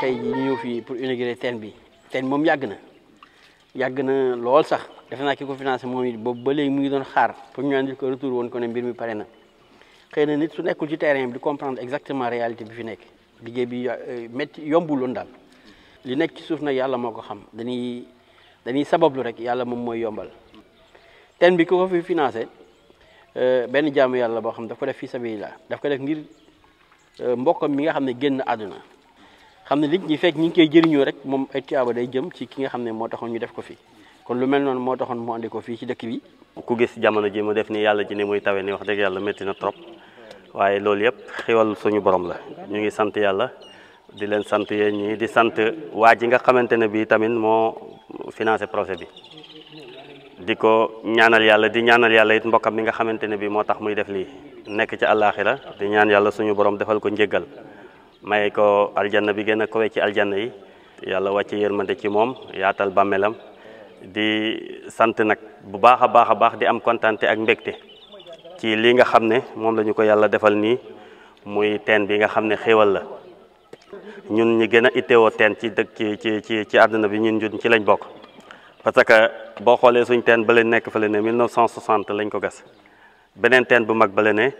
tey ñi ñëw fii pour inaugurer teen bi teen moom yàgg na yàgg na lool sax defe naa ki ko financé moom it boobu ba léegi mu ngi doon xaar pour ñu andil ko retour woon ko ne mbir mi pare na xëy na nit su nekkul ci terrain bi di comprendre exactement réalité bi fi nekk liggéey bi euh, métti yombul woon daal li nekk ci suuf nag yàlla moo ko xam dañuy dañuy sabablu rek yàlla moom mooy yombal teen bi ki ko fi financé euh, benn jàmm yàlla boo xam daf ko def fii la daf ko def ngir euh, mbokkam mi nga xam ne génn àdduna xam ne nit ñi fekk ñi ngi koy jëriñoo rek moom ay tuyaaba day jëm ci ki nga xam ne moo taxoon ñu def ko fii kon lu mel noonu moo taxoon mu andi ko fii ci dëkk bi. ku gis jamono ji mu def ni yàlla ji ni muy tawee ni wax dëgg yàlla métti na trop waaye loolu yëpp xéwal suñu borom la ñu ngi sant yàlla di leen sant yéen ñii di sant waa ji nga xamante ne bii tamit moo financé projet bi. di ko ñaanal yàlla di ñaanal yàlla it mbokkam mi nga xamante ne bii moo tax muy def lii nekk ci àllaaxira di ñaan yàlla suñu borom defal ko njéggal maye ko aljanna bi gën a kowe ci aljanna yi yàlla wàcce yërmande ci moom yaatal bàmmeelam di sant nag bu baax a baax a baax di am kontante ak mbégte ci lii nga xam ne moom lañu ko yàlla defal nii muy teen bi nga xam ne xéewal la ñun ñi gën a itteewoo teen ci dëkk ci ci ci àdduna bi ñun ñun ci lañ bokk parce que boo xoolee suñ teen bale nekk fële ne 1960 lañ ko gas beneen teen bu mag bale ne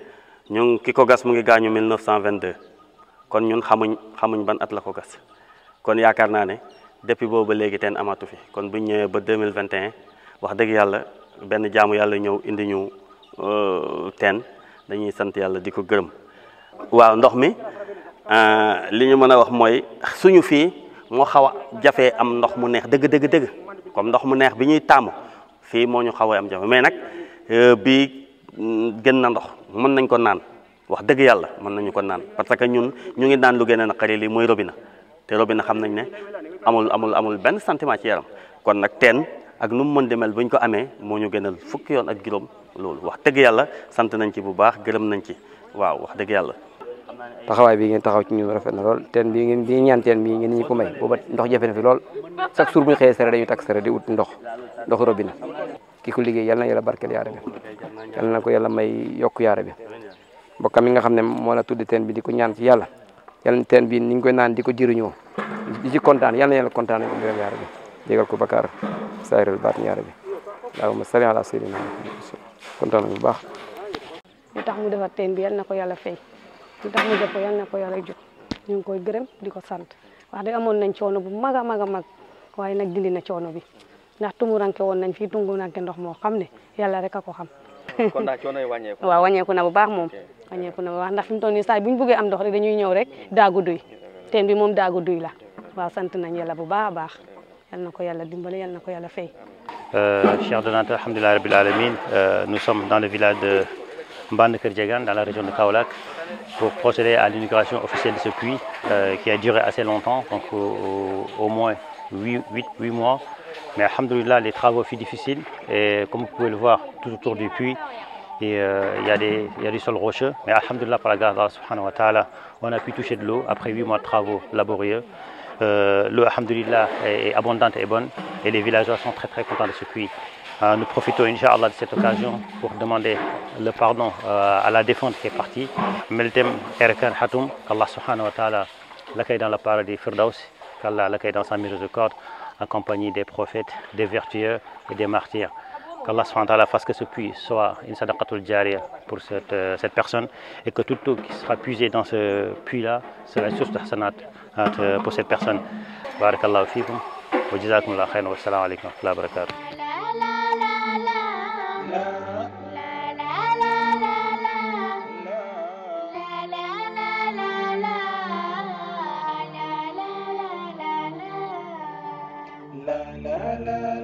ñu ngi ki ko gas mu ngi gaañu 1922 kon ñun xamuñ xamuñ ban at la ko gas kon yaakaar naa ne depuis boobu ba léegi teen amatu fi kon bu ñu ñëwee ba 2021 wax dëgg yàlla benn jaamu yàlla ñëw indi ñu euh, teen dañuy sant yàlla di ko gërëm waaw ndox mi euh, li ñu mën a wax mooy suñu fii moo xaw a jafee am ndox mu neex dëgg dëgg dëgg comme ndox mu neex bi ñuy taamu fii moo ñu xaw a am jafe mais nag euh, bi mm, gën na ndox mën nañ ko naan wax dëgg yàlla mën nañu ko naan parce que ñun ñu ngi naan lu gën a naqari lii mooy robinet te robinet xam nañ ne amul amul amul benn sentiment ci yaram kon nag teen ak nu mu mën demel bu ñu ko amee moo ñu gënal fukki yoon ak juróom loolu wax dëgg yàlla sant nañ ci bu baax gërëm nañ ci waaw wax dëgg yàlla. taxawaay bii ngeen taxaw ci ñu rafet na lool teen bii ngeen bii ñaan teen bii ngeen ñu ko may booba ndox jafe na fi lool chaque jour bu ñu xëyee sare dañu takk sare di ut ndox ndox robinet ki ko liggéey yal yàlla barkeel yaara bi na ko yàlla may yokk yaara bi mbokkam mi nga xam ne moo la tudde bi di ko ñaan ci yàlla yàlla teen bi ni ñu koy naan di ko jëriñoo di ci kontaan yàlla na yàlla kontaan ko mbiram yaara bi jégal ko bakkaar sayrel baat ñaara bi allahumma salli ala sayyidina kontaan nañu bu baax lu tax mu defar teen bi yàlla na ko yàlla fay lu tax mu ko yàlla na ko yàlla jub di ko sant wa dëgg amoon nañ coono bu mag a mag a mag waaye nag dindi na coono bi ndax tumuranke woon nañ fii tungu ranke ndox mo xam ne yàlla rek a ko xam kon daal coono yi bu baax moom wàññeeku na wax ndax fi mu toll nii saa bu ñu bëggee am ndox rek dañuy ñëw rek daagu duy teen bi moom daagu duy la waaw sant nañ yàlla bu baax a baax yal na ko yàlla dimbale yal na ko yàlla fay. Euh, chers donateurs, alhamdulillah rabbil alamin euh, nous sommes dans le village de Mbane Kerdiagan dans la région de Kaolack pour procéder à l'inauguration officielle de ce puits euh, qui a duré assez longtemps, donc au, au moins 8, 8, 8 mois. Mais alhamdulillah les travaux furent difficiles et comme vous pouvez le voir tout autour du puits, et euh, il y, a des sols rocheux. Mais alhamdulillah, par la grâce d'Allah subhanahu wa ta'ala, on a pu toucher de l'eau après huit mois de travaux laborieux. Euh, l'eau, alhamdulillah, est, abondante et bonne et les villageois sont très très contents de ce puits. Euh, nous profitons, Inch'Allah, de cette occasion pour demander le pardon euh, à la défunte qui est partie, Meltem Erkan Hatoum, qu'Allah subhanahu wa ta'ala l'accueille dans la paradis Firdaus, qu'Allah l'accueille dans sa miséricorde, accompagné des prophètes, des vertueux et des martyrs qu'Allah subhanahu fasse que ce puits soit une sadaqatul jariya pour cette, cette, personne et que tout ce qui sera puisé dans ce puits-là sera une source de hasanat pour cette personne. Barakallahu fikum wa jazakumullahu khayran wa salam alaykum wa barakatuh. la la